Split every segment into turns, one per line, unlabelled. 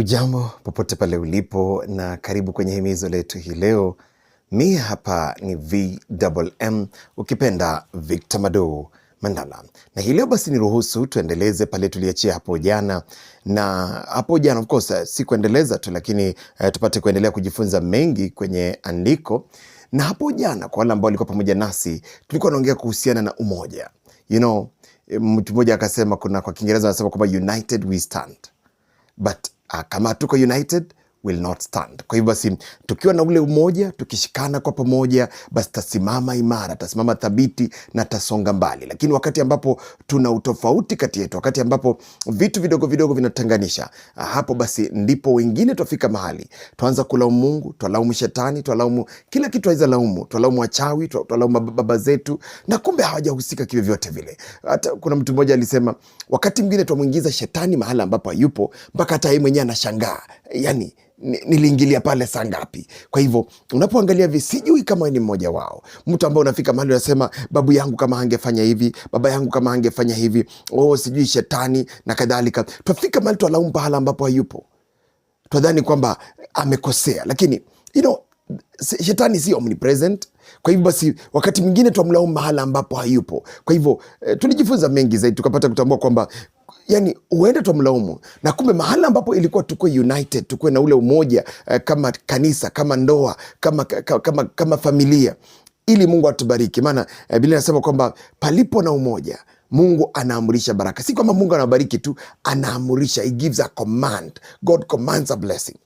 Hujambo popote pale ulipo na karibu kwenye himizo letu hii leo. Mi hapa ni VMM, ukipenda Victor Mado Mandala, na hii leo basi niruhusu tuendeleze pale tuliachia hapo jana, na hapo jana of course si kuendeleza tu, lakini eh, tupate kuendelea kujifunza mengi kwenye andiko. Na hapo jana, kwa wale ambao walikuwa pamoja nasi, tulikuwa naongea kuhusiana na umoja. You know, mtu mmoja akasema, kuna kwa Kiingereza anasema kwamba united we stand but Ah, kama tuko united will not stand. Kwa hivyo basi, tukiwa na ule umoja, tukishikana kwa pamoja, basi tasimama imara, tasimama thabiti na tasonga mbali. Lakini wakati ambapo tuna utofauti kati yetu, wakati ambapo vitu vidogo vidogo vinatutenganisha, ah, hapo basi ndipo wengine twafika mahali twaanza kulaumu Mungu, twalaumu Shetani, twalaumu kila kitu, aiza laumu, twalaumu wachawi, twalaumu baba zetu, na kumbe hawajahusika kivyovyote vile. Hata kuna mtu mmoja alisema Wakati mwingine twamwingiza shetani mahala ambapo hayupo mpaka hata yeye mwenyewe anashangaa, yani niliingilia pale saa ngapi? Kwa hivyo unapoangalia hivi, sijui kama ni mmoja wao, mtu ambaye unafika mahali unasema, babu yangu kama angefanya hivi, baba yangu kama angefanya hivi, oh, sijui shetani na kadhalika. Twafika mahali twalaumu pahala ambapo hayupo, twadhani kwamba amekosea, lakini you know, shetani si omnipresent kwa hivyo basi, wakati mwingine twamlaumu mahala ambapo hayupo. Kwa hivyo eh, tulijifunza mengi zaidi, tukapata kutambua kwamba yani huenda twamlaumu na kumbe mahala ambapo ilikuwa tukue united tukue na ule umoja eh, kama kanisa kama ndoa kama, kama, kama familia ili Mungu atubariki. Maana eh, Biblia inasema kwamba palipo na umoja Mungu anaamurisha baraka. Si kwamba Mungu anabariki tu, anaamurisha. He gives a command. God commands a blessing.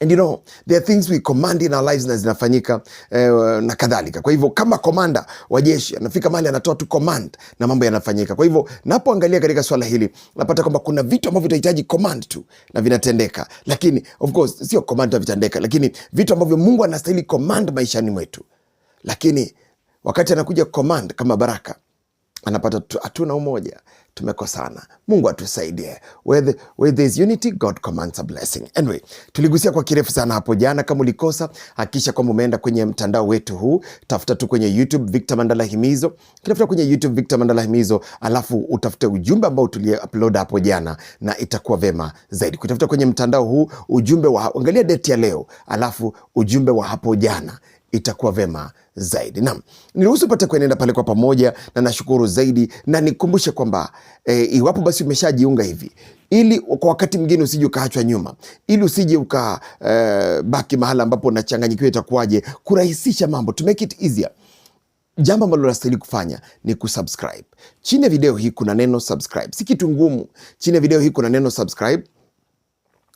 And you know, there are things we command in our lives na zinafanyika eh, na kadhalika. Kwa hivyo kama komanda wa jeshi anafika mahali anatoa tu command na mambo yanafanyika. Kwa hivyo napoangalia katika swala hili napata kwamba kuna vitu ambavyo tunahitaji command tu na vinatendeka. Lakini of course sio command tu vitendeka, lakini vitu ambavyo Mungu anastahili command maishani mwetu. Lakini wakati anakuja command kama baraka anapata hatuna umoja tumekosana mungu atusaidie where, the, where there is unity god commands a blessing anyway tuligusia kwa kirefu sana hapo jana kama ulikosa hakikisha kwamba umeenda kwenye mtandao wetu huu tafuta tu kwenye youtube victor mandala himizo kitafuta kwenye youtube victor mandala himizo alafu utafute ujumbe ambao tulie upload hapo jana na itakuwa vema zaidi kutafuta kwenye mtandao huu ujumbe wa angalia date ya leo alafu ujumbe wa hapo jana itakuwa vema zaidi. Naam, niruhusu pate kuenenda pale kwa pamoja, na nashukuru zaidi na nikumbushe kwamba e, iwapo basi umeshajiunga hivi ili kwa wakati mwingine usije ukaachwa nyuma, ili usije ukabaki eh, e, mahala ambapo unachanganyikiwa itakuwaje, kurahisisha mambo to make it easier Jambo ambalo unastahili kufanya ni kusubscribe. Chini ya video hii kuna neno subscribe, si kitu ngumu. Chini ya video hii kuna neno subscribe.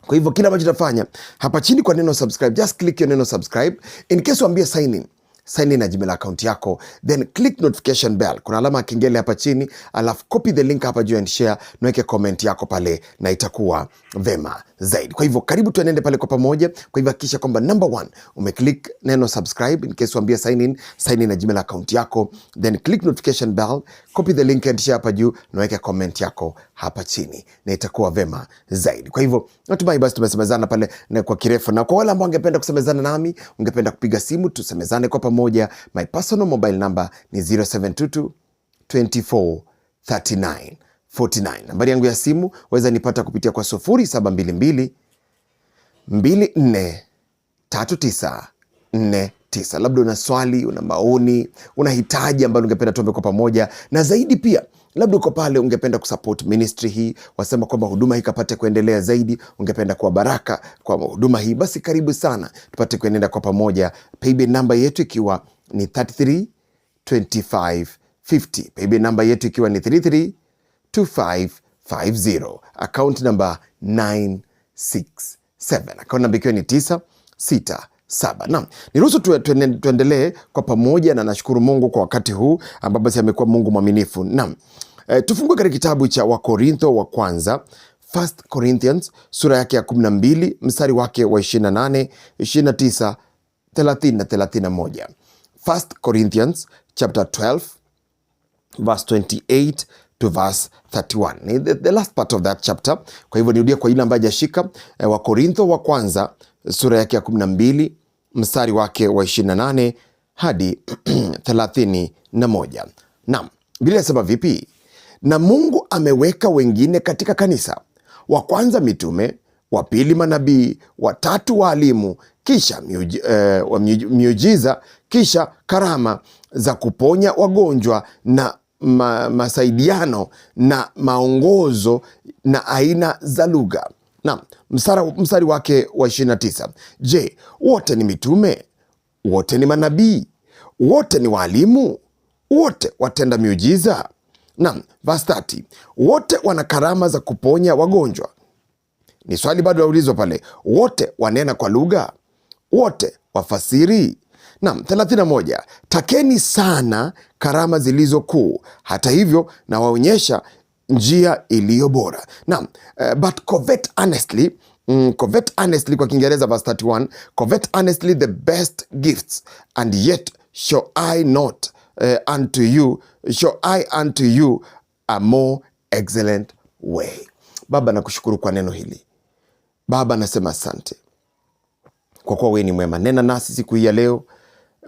Kwa hivyo kila ambacho tafanya hapa chini kwa neno subscribe, just click hiyo neno subscribe. In case uambie sign in sign in na Gmail account yako, then click notification bell. Kuna alama ya kengele hapa chini, alafu copy the link hapa juu and share, naweke comment yako pale na itakuwa vema zaidi. Kwa hivyo karibu tuende pale kwa pamoja. Kwa hivyo hakikisha kwamba number one umeclick neno subscribe, in case uambia sign in, sign in na Gmail account yako, then click notification bell, copy the link and share hapa juu, naweke comment yako hapa chini na itakuwa vema zaidi. Kwa hivyo natumai basi tumesemezana pale na eh, kwa kirefu, na kwa wale ambao wangependa kusemezana nami, ungependa kupiga simu tusemezane kwa pamoja pamoja. My personal mobile number ni 0722 24 39 49. Nambari yangu ya simu waweza nipata kupitia kwa 0722 24 39 49. Labda una swali, una maoni, unahitaji ambalo ungependa tuombe kwa pamoja, na zaidi pia labda uko pale, ungependa kusupport ministry hii, wasema kwamba huduma hii kapate kuendelea zaidi, ungependa kuwa baraka kwa huduma hii, basi karibu sana, tupate kuendelea kwa pamoja. Paybill namba yetu ikiwa ni 33 25 Paybill namba yetu ikiwa ni 33 25 Account namba 967, account namba ikiwa ni 9 6 saba. Naam, niruhusu tuendelee kwa pamoja, na nashukuru Mungu kwa wakati huu ambapo basi amekuwa Mungu mwaminifu. Naam, e, tufungue katika kitabu cha Wakorintho wa kwanza First Corinthians sura yake ya 12 mstari wake wa 28, 29, 30 na 31. First Corinthians chapter 12 verse 28 to verse 31. The, the last part of that chapter. Kwa hivyo nirudia kwa ile ambayo hajashika eh, Wakorintho wa kwanza sura yake ya 12 mstari wake wa 28 hadi 31. Naam, Biblia inasema vipi? Na Mungu ameweka wengine katika kanisa, wa kwanza mitume, wa pili manabii, watatu waalimu, kisha miuji, eh, miujiza, kisha karama za kuponya wagonjwa na ma, masaidiano na maongozo na aina za lugha na msara, msari wake wa 29. Je, wote ni mitume? Wote ni manabii? Wote ni waalimu? Wote watenda miujiza? na vastati Wote wana karama za kuponya wagonjwa? Ni swali bado laulizwa pale. Wote wanena kwa lugha? Wote wafasiri? Naam, 31. Takeni sana karama zilizo kuu, hata hivyo nawaonyesha njia iliyo bora. Naam, uh, but covet honestly Mm, covet honestly kwa Kiingereza verse 31, covet honestly the best gifts and yet show I not uh, unto you show I unto you a more excellent way. Baba, nakushukuru kwa neno hili. Baba, nasema asante kwa kuwa wewe ni mwema. Nena nasi siku hii ya leo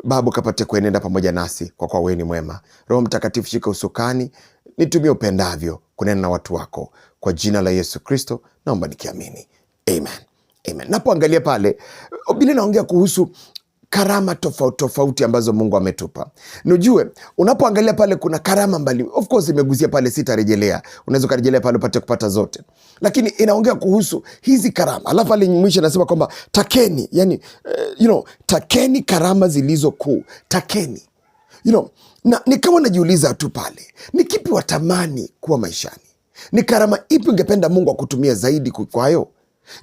Baba, kapate kuenenda pamoja nasi kwa kuwa wewe ni mwema. Roho Mtakatifu, shika usukani nitumie upendavyo kunena na watu wako kwa jina la Yesu Kristo naomba nikiamini, amen, amen. Napoangalia pale Biblia naongea kuhusu karama tofauti tofauti ambazo Mungu ametupa. nujue unapoangalia pale kuna karama mbali, of course imeguzia pale, sitarejelea. Unaweza ukarejelea pale upate kupata zote, lakini inaongea kuhusu hizi karama, alafu pale mwisho anasema kwamba takeni, yani, uh, you know, takeni karama zilizo kuu, takeni you know, na nikawa najiuliza tu pale, ni kipi watamani kuwa maishani? Ni karama ipi ungependa Mungu akutumia zaidi kwayo?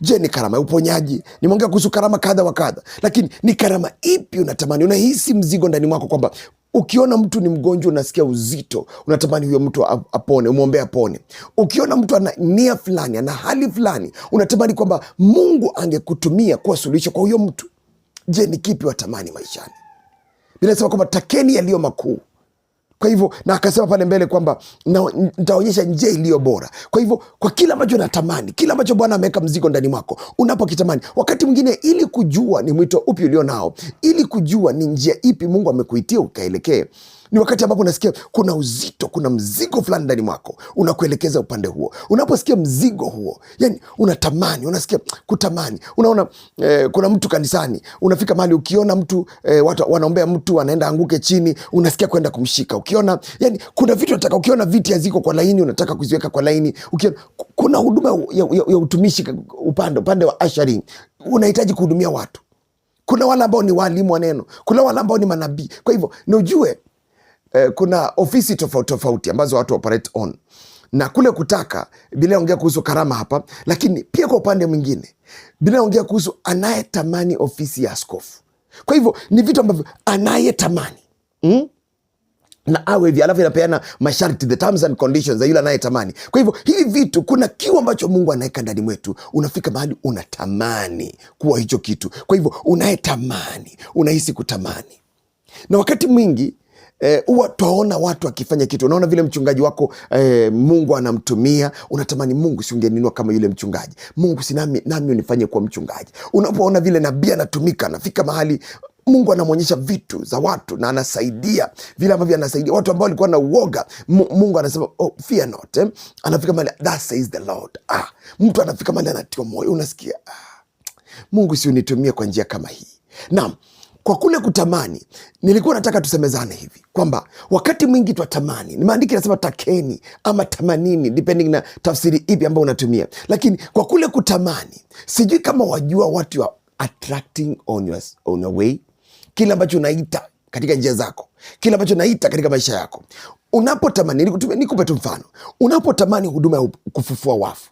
Je, ni karama ya uponyaji? Nimeongea kuhusu karama kadha wa kadha, lakini ni karama ipi unatamani? Unahisi mzigo ndani mwako kwamba ukiona mtu ni mgonjwa unasikia uzito, unatamani huyo mtu apone, umwombee apone. Ukiona mtu ana nia fulani, ana hali fulani, unatamani kwamba Mungu angekutumia kuwa suluhisho kwa huyo mtu. Je, ni kipi watamani maishani? binasema kwamba takeni yaliyo makuu kwa hivyo na akasema pale mbele kwamba nitaonyesha njia iliyo bora. Kwa hivyo kwa kila ambacho natamani, kila ambacho Bwana ameweka mzigo ndani mwako, unapokitamani, wakati mwingine, ili kujua ni mwito upi ulio nao, ili kujua ni njia ipi Mungu amekuitia ukaelekee ni wakati ambapo unasikia kuna uzito, kuna mzigo fulani ndani mwako, unakuelekeza upande huo. Unaposikia mzigo huo, yani unatamani, unasikia kutamani. Unaona eh, kuna mtu kanisani, unafika mahali ukiona mtu eh, watu wanaombea mtu anaenda anguke chini, unasikia kwenda kumshika. Ukiona yani kuna vitu unataka, ukiona viti haziko kwa laini, unataka kuziweka kwa laini. Ukiona kuna huduma ya, ya, ya utumishi upande upande wa ashari, unahitaji kuhudumia watu. Kuna wale ambao ni walimu wa neno, kuna wale ambao ni manabii. Kwa hivyo ni ujue eh, kuna ofisi tofauti tofauti ambazo watu operate on na kule kutaka bila ongea kuhusu karama hapa, lakini pia kwa upande mwingine bila ongea kuhusu anayetamani ofisi ya askofu. Kwa hivyo ni vitu ambavyo anayetamani mm? na awe hivi, alafu inapeana masharti, the terms and conditions za yule anayetamani. Kwa hivyo hivi vitu, kuna kiu ambacho Mungu anaweka ndani mwetu, unafika mahali unatamani kuwa hicho kitu. Kwa hivyo unayetamani, unahisi kutamani, na wakati mwingi Eh, huwa e, twaona watu akifanya kitu, unaona vile mchungaji wako e, Mungu anamtumia, unatamani Mungu siungeninua kama yule mchungaji, Mungu si nami, nami unifanye kuwa mchungaji. Unapoona vile nabii anatumika, anafika mahali Mungu anamwonyesha vitu za watu na anasaidia vile ambavyo anasaidia watu ambao walikuwa na uoga. Mungu anasema oh, fear not eh? Anafika mahali that says the Lord. Ah, mtu anafika mahali anatiwa moyo, unasikia ah, Mungu si unitumia kwa njia kama hii. Naam kwa kule kutamani, nilikuwa nataka tusemezane hivi kwamba wakati mwingi twatamani, ni maandiki nasema takeni ama tamanini, depending na tafsiri ipi ambayo unatumia. Lakini kwa kule kutamani, sijui kama wajua watu wa are attracting on your, on your way, kile ambacho unaita katika njia zako, kile ambacho unaita katika maisha yako. Unapotamani, nikupe tu mfano, unapotamani huduma ya kufufua wafu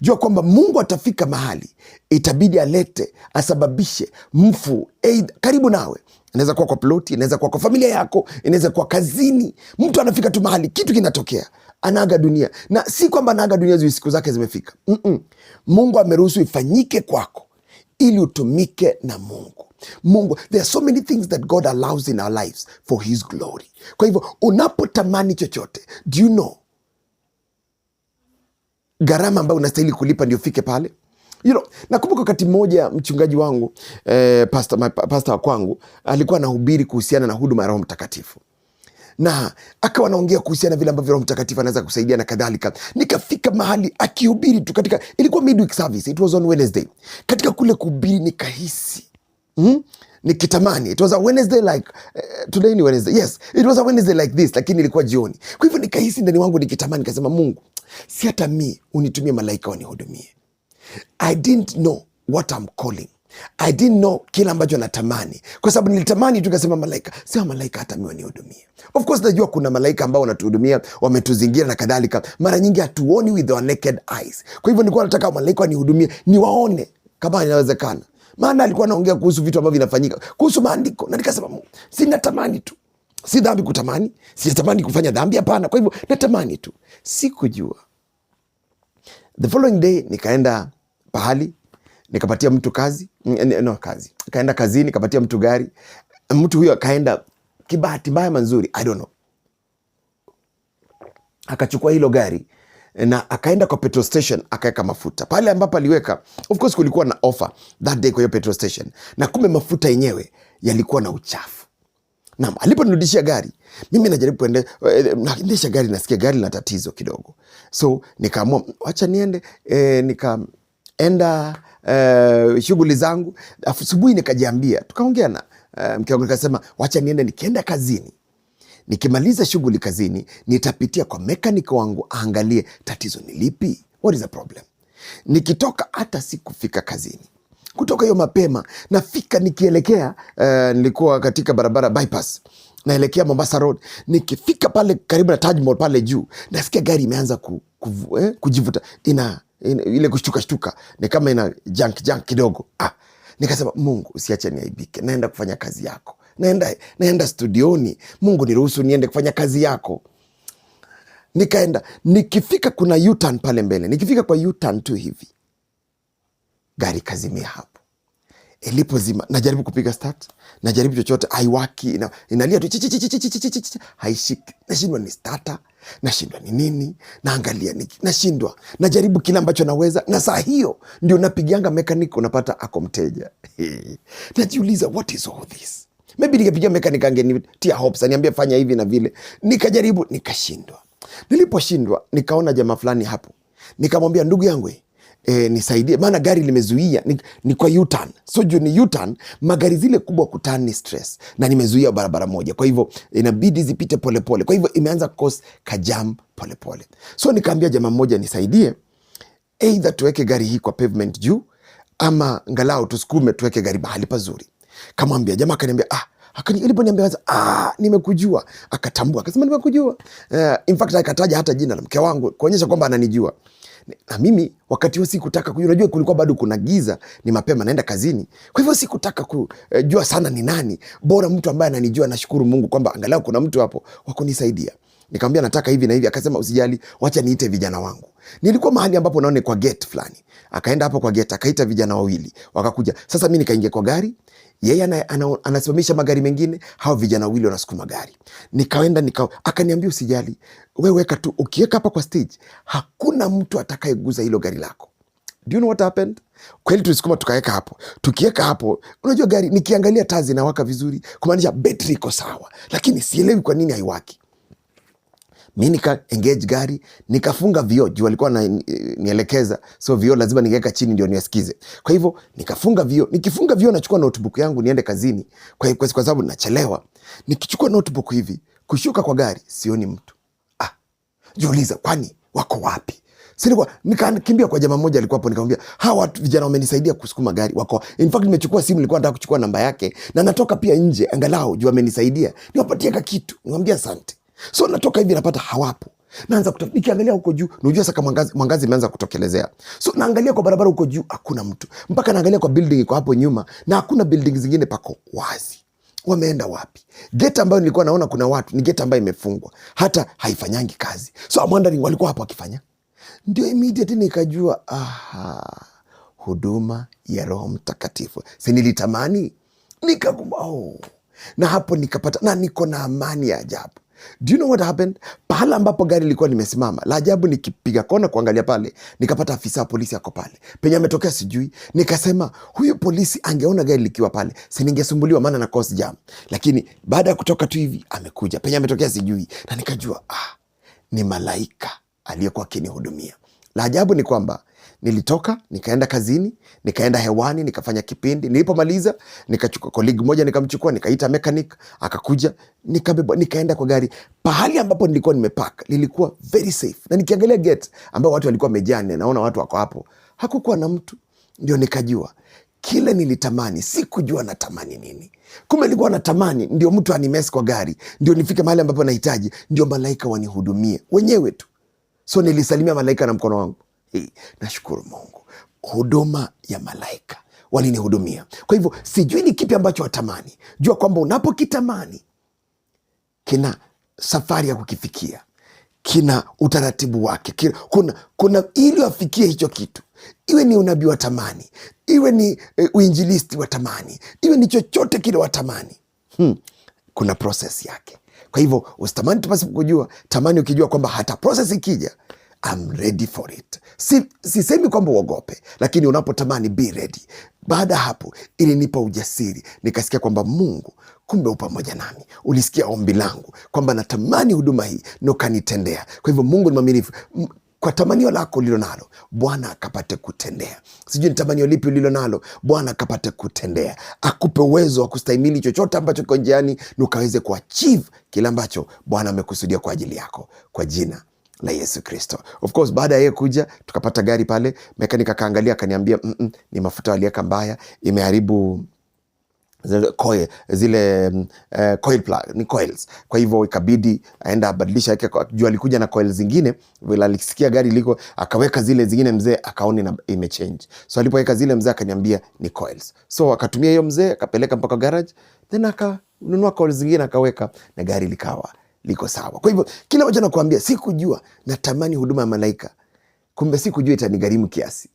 Jua kwamba Mungu atafika mahali itabidi alete, asababishe mfu eid, karibu nawe inaweza kuwa kwa ploti, inaweza kuwa kwa familia yako, inaweza kuwa kazini. Mtu anafika tu mahali kitu kinatokea, anaaga dunia, na si kwamba anaaga dunia zuu siku zake zimefika. mm -mm. Mungu ameruhusu ifanyike kwako ili utumike na Mungu. Mungu, there are so many things that God allows in our lives for his glory. Kwa hivyo unapotamani chochote, do you know gharama ambayo unastahili kulipa ndio ufike pale you know, nakumbuka wakati mmoja mchungaji wangu eh, pasta, pasta wa kwangu alikuwa anahubiri kuhusiana na huduma ya Roho Mtakatifu na akawa anaongea kuhusiana vile ambavyo Roho Mtakatifu anaweza kusaidia na kadhalika. Nikafika mahali akihubiri tu katika, ilikuwa midweek service, it was on Wednesday. Katika kule kuhubiri nikahisi hmm? nikitamani it was a Wednesday like uh, today ni Wednesday, yes it was a Wednesday like this, lakini ilikuwa jioni. Kwa hivyo nikahisi ndani wangu nikitamani, nikasema Mungu si hata mi unitumie malaika wanihudumie. I didn't know what I'm calling. I didn't know kile ambacho natamani, kwa sababu nilitamani tu, kasema malaika, sema malaika hata mi wanihudumie. Of course najua kuna malaika ambao wanatuhudumia, wametuzingira na kadhalika, mara nyingi hatuoni with our naked eyes. Kwa hivyo nilikuwa nataka malaika wanihudumie, niwaone kama inawezekana, maana alikuwa anaongea kuhusu vitu ambavyo vinafanyika kuhusu maandiko, na nikasema mm, sinatamani tu si dhambi kutamani, sijatamani kufanya dhambi, hapana. Kwa hivyo natamani tu, sikujua. The following day nikaenda pahali nikapatia mtu kazi no, kazi kaenda kazini, nikapatia mtu gari. Mtu huyo akaenda kibahati mbaya manzuri, I don't know, akachukua hilo gari na akaenda kwa petrol station akaweka mafuta pale ambapo aliweka. Of course kulikuwa na offer that day kwa hiyo petrol station, na kumbe mafuta yenyewe yalikuwa na uchafu Naam, aliponirudishia gari, mimi najaribu kuende, eh, naendesha gari, nasikia gari na tatizo kidogo, so nikaamua acha niende e, nikaenda e, shughuli zangu. Asubuhi nikajiambia, tukaongea na e, mke wangu, nikasema wacha niende, nikienda kazini nikimaliza shughuli kazini nitapitia kwa mekaniki wangu aangalie tatizo ni lipi, what is the problem. Nikitoka hata sikufika kazini kutoka hiyo mapema nafika nikielekea uh, nilikuwa katika barabara bypass naelekea Mombasa Road. Nikifika pale karibu na Taj Mahal pale juu, nasikia gari imeanza ku, ku, eh, kujivuta ina, ina, ile kushtuka shtuka ni kama ina junk junk kidogo ah. Nikasema Mungu usiache niaibike, naenda kufanya kazi yako, naenda, naenda studioni. Mungu niruhusu niende kufanya kazi yako. Nikaenda nikifika, kuna U-turn pale mbele, nikifika kwa U-turn tu hivi gari kazimia hapo. Ilipozima najaribu kupiga start, najaribu chochote haiwaki, ina, inalia tu haishiki, nashindwa ni starter, nashindwa ni nini, naangalia niki, nashindwa, najaribu kile ambacho naweza, na saa hiyo ndio napigianga mekanik, unapata ako mteja najiuliza what is all this Maybe nikapigia mekanika angenitia hopes, aniambia fanya hivi na vile. Nikajaribu nikashindwa. Niliposhindwa nikaona jamaa fulani hapo, nikamwambia ndugu yangu, eh, e, nisaidie maana gari limezuia ni, ni kwa U-turn. So juu ni U-turn, magari zile kubwa kutan ni stress na nimezuia barabara moja, kwa hivyo inabidi zipite polepole, kwa hivyo imeanza cause kajam polepole. pole. So nikaambia jamaa mmoja nisaidie, either tuweke gari hii kwa pavement juu ama ngalau tusukume tuweke gari mahali pazuri. Kamwambia jamaa, akaniambia ah Aliponiambia ah, nimekujua. Akatambua akasema nimekujua. Uh, in fact akataja hata jina la mke wangu kuonyesha kwamba ananijua na mimi wakati huo sikutaka kujua, unajua kulikuwa bado kuna giza, ni mapema, naenda kazini. Kwa hivyo sikutaka kujua eh, sana ni nani, bora mtu ambaye ananijua. Nashukuru Mungu kwamba angalau kuna mtu hapo wa kunisaidia. Nikamwambia nataka hivi na hivi, akasema usijali, wacha niite vijana wangu. Nilikuwa mahali ambapo naone kwa gate fulani, akaenda hapo kwa gate, akaita vijana wawili wakakuja. Sasa mimi nikaingia kwa gari yeye anasimamisha magari mengine, hao vijana wawili wanasukuma gari. Nikaenda nika, akaniambia usijali, weweka weka tu, ukiweka hapa kwa stage hakuna mtu atakayeguza hilo gari lako. Do you know what happened? Kweli tulisukuma tukaweka hapo, tukiweka hapo, unajua gari nikiangalia taa zinawaka vizuri, kumaanisha betri iko sawa, lakini sielewi kwa nini haiwaki mi nika engage gari nikafunga vio juu alikuwa nielekeza, so vio lazima nigeka chini ndio niasikize. Kwa hivyo nikafunga vio, nikifunga vio nachukua notebook yangu niende kazini, kwa, kwa sababu nachelewa. Nikichukua notebook hivi, kushuka kwa gari sioni mtu. Ah, jiuliza kwani wako wapi? Silikuwa nikakimbia kwa jamaa mmoja alikuwa hapo, nikamwambia hawa watu vijana wamenisaidia kusukuma gari wako. In fact nimechukua simu, nilikuwa nataka kuchukua namba yake na natoka pia nje, angalau juu amenisaidia niwapatie kitu, niwaambia asante so natoka hivi napata hawapo naanza kutafuta, nikiangalia huko juu najua saka mwangazi mwangazi imeanza kutokelezea. So naangalia kwa barabara huko juu hakuna mtu, mpaka naangalia kwa building iko hapo nyuma na hakuna building zingine, pako wazi. Wameenda wapi? Geti ambayo nilikuwa naona kuna watu ni geti ambayo imefungwa, hata haifanyangi kazi. So I'm wondering walikuwa hapo wakifanya, ndio immediate nikajua, aha, huduma ya Roho Mtakatifu si nilitamani, nikakumbuka oh. na hapo nikapata na niko na amani ya ajabu Do you know what happened? Pahala ambapo gari ilikuwa limesimama, la ajabu, nikipiga kona kuangalia pale, nikapata afisa wa polisi ako pale penye ametokea sijui. Nikasema huyu polisi angeona gari likiwa pale, siningesumbuliwa maana na cause jam, lakini baada ya kutoka tu hivi amekuja penye ametokea sijui, na nikajua ah, ni malaika aliyekuwa akinihudumia. La ajabu ni kwamba Nilitoka nikaenda kazini, nikaenda hewani, nikafanya kipindi. Nilipomaliza nikachukua kolegi moja, nikamchukua nikaita mechanic, akakuja nikabeba, nikaenda kwa gari. Pahali ambapo nilikuwa nimepark lilikuwa very safe, na nikiangalia gate ambao watu walikuwa wamejaa, naona watu wako hapo, hakukuwa na mtu. Ndio nikajua kile nilitamani, sikujua natamani nini. Kumbe nilikuwa natamani ndio mtu animes kwa gari, ndio nifike mahali ambapo nahitaji, ndio malaika wanihudumie wenyewe tu. So nilisalimia malaika na mkono wangu. Nashukuru Mungu, huduma ya malaika walinihudumia. Kwa hivyo sijui ni kipi ambacho watamani. Jua kwamba unapokitamani kina safari ya kukifikia, kina utaratibu wake, kina, kuna, kuna ili wafikie hicho kitu, iwe ni unabii wa tamani, iwe ni e, uinjilisti wa tamani, iwe ni chochote kile watamani hmm. Kuna proses yake. Kwa hivyo usitamani tu pasipo kujua, tamani ukijua kwamba hata proses ikija I'm ready for it. Si, sisemi kwamba uogope, lakini unapotamani be ready. Baada ya hapo ilinipa ujasiri, nikasikia kwamba Mungu kumbe upamoja nami, ulisikia ombi langu kwamba natamani huduma hii na ukanitendea. Kwa hivyo Mungu ni mwaminifu kwa tamanio lako ulilo nalo Bwana akapate kutendea. Sijui ni tamanio lipi ulilo nalo, Bwana akapate kutendea, akupe uwezo wa kustahimili chochote ambacho kiko njiani, nukaweze ukaweze kuachieve kile ambacho Bwana amekusudia kwa ajili yako, kwa jina la Yesu Kristo. Of course baada ya yeye kuja tukapata gari pale, mekanika kaangalia akaniambia, mm -mm, ni mafuta waliweka mbaya, imeharibu zile coil, zile uh, coil plug, ni coils. Kwa hivyo ikabidi aenda abadilisha yake, jua alikuja na coil zingine, vile alisikia gari liko akaweka zile zingine, mzee akaona na imechange, so alipoweka zile mzee akaniambia ni coils, so akatumia hiyo mzee akapeleka mpaka garage, then akanunua coils zingine akaweka na gari likawa liko sawa. Kwa hivyo kila ambacho nakuambia sikujua, natamani huduma ya malaika, kumbe sikujua itanigharimu kiasi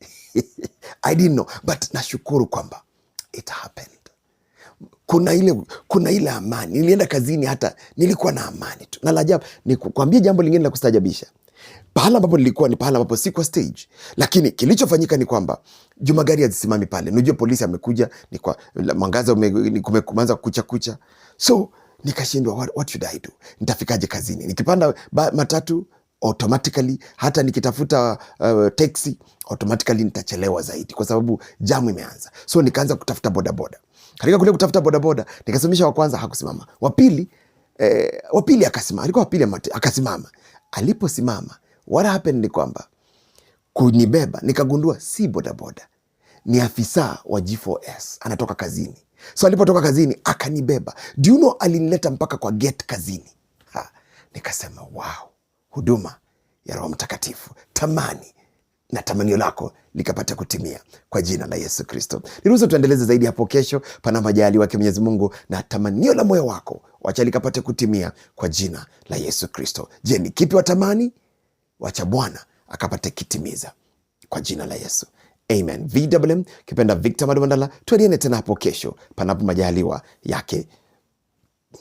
I didn't know, but nashukuru kwamba it happened. Kuna ile, kuna ile amani. Nilienda kazini hata nilikuwa na amani tu, na la ajabu ni nikuambia jambo lingine la kustajabisha pahala ambapo nilikuwa ni pahala ambapo si kwa stage, lakini kilichofanyika ni kwamba juma gari hazisimami pale, nijue polisi amekuja, ni kwa mwangaza kumeanza kucha kucha, so nikashindwa, what what should I do? Nitafikaje kazini? Nikipanda matatu automatically, hata nikitafuta uh, taxi automatically nitachelewa zaidi, kwa sababu jamu imeanza. So nikaanza kutafuta bodaboda. Katika kule kutafuta bodaboda, nikasimamisha wa kwanza, hakusimama. Wa pili eh, wa pili akasimama, alikuwa wa pili akasimama. Aliposimama, what happened ni kwamba kunibeba, nikagundua si bodaboda, ni afisa wa G4S anatoka kazini. So alipotoka kazini akanibeba, do you know, alinileta mpaka kwa gate kazini. Ha, nikasema wow, huduma ya Roho Mtakatifu, tamani na tamanio lako likapata kutimia kwa jina la Yesu Kristo. Niruhusu tuendeleze zaidi hapo kesho, pana majali wake Mwenyezi Mungu, na tamanio la moyo wako wacha likapate kutimia kwa jina la Yesu Kristo. Je, ni kipi watamani? Wacha Bwana akapate kitimiza kwa jina la Yesu. Amen. vwm kipenda Victor madumandala tueliane tena hapo kesho, panapo majaliwa yake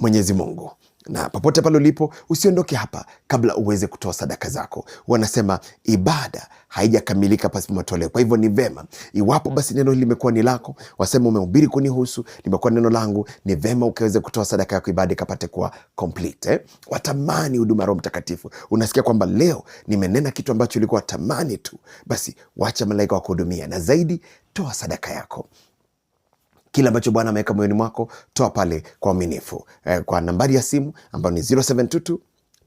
Mwenyezi Mungu na popote pale ulipo usiondoke hapa kabla uweze kutoa sadaka zako. Wanasema ibada haijakamilika pasipo matoleo. Kwa hivyo ni vema, iwapo mm. basi neno hili limekuwa ni lako, wasema umehubiri kunihusu, limekuwa neno langu, ni vema ukaweze kutoa sadaka yako, ibada ikapate kuwa complete, eh? Watamani huduma Roho Mtakatifu. Unasikia kwamba leo nimenena kitu ambacho ulikuwa watamani tu, basi wacha malaika wakuhudumia, na zaidi toa sadaka yako kile ambacho Bwana ameweka moyoni mwako, toa pale kwa uaminifu eh, kwa nambari ya simu ambayo ni 0722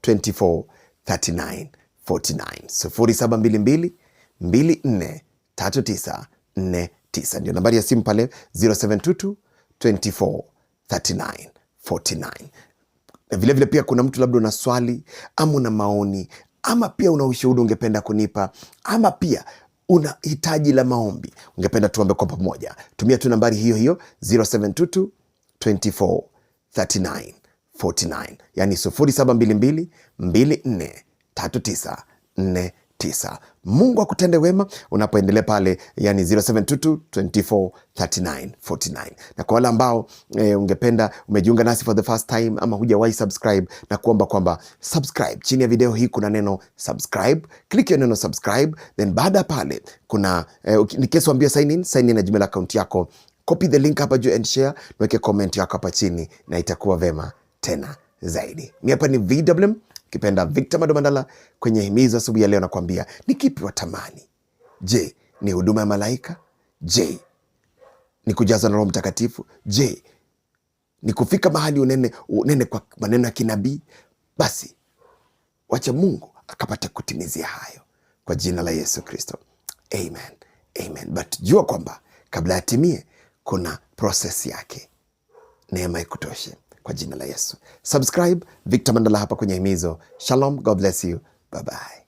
24 39 49 0722 24 39 ndio nambari ya simu pale 0722 24 39 49. Vilevile vile pia kuna mtu labda una swali ama una maoni ama pia una ushuhudi ungependa kunipa ama pia una hitaji la maombi, ungependa tuombe kwa pamoja, tumia tu nambari hiyo hiyo 0722 24 39 49, yani 0722 24 39 49 tisa. Mungu akutende wema unapoendelea pale, yani 0722 Na kwa wale ambao e, ungependa umejiunga nasi for the first time ama hujawahi subscribe, na kuomba kwamba subscribe. Chini ya video hii kuna neno subscribe, click ya neno subscribe, then baada pale kuna e, eh, nikieswambia sign in, sign in na Gmail account yako, copy the link hapa juu and share, niweke comment yako hapa chini na itakuwa vema tena zaidi. Ni hapa ni VMM Kipenda Victor Madomandala kwenye himizo asubuhi ya leo nakwambia, ni kipi watamani? Je, ni huduma ya malaika? Je, ni kujazwa na Roho Mtakatifu? Je, ni kufika mahali unene, unene kwa maneno ya kinabii? Basi wacha Mungu akapata kutimizia hayo kwa jina la Yesu Kristo, amen, amen. But jua kwamba kabla yatimie kuna proses yake. Neema ikutoshe kwa jina la Yesu. Subscribe Victor Mandala hapa kwenye Himizo. Shalom, God bless you, bye bye.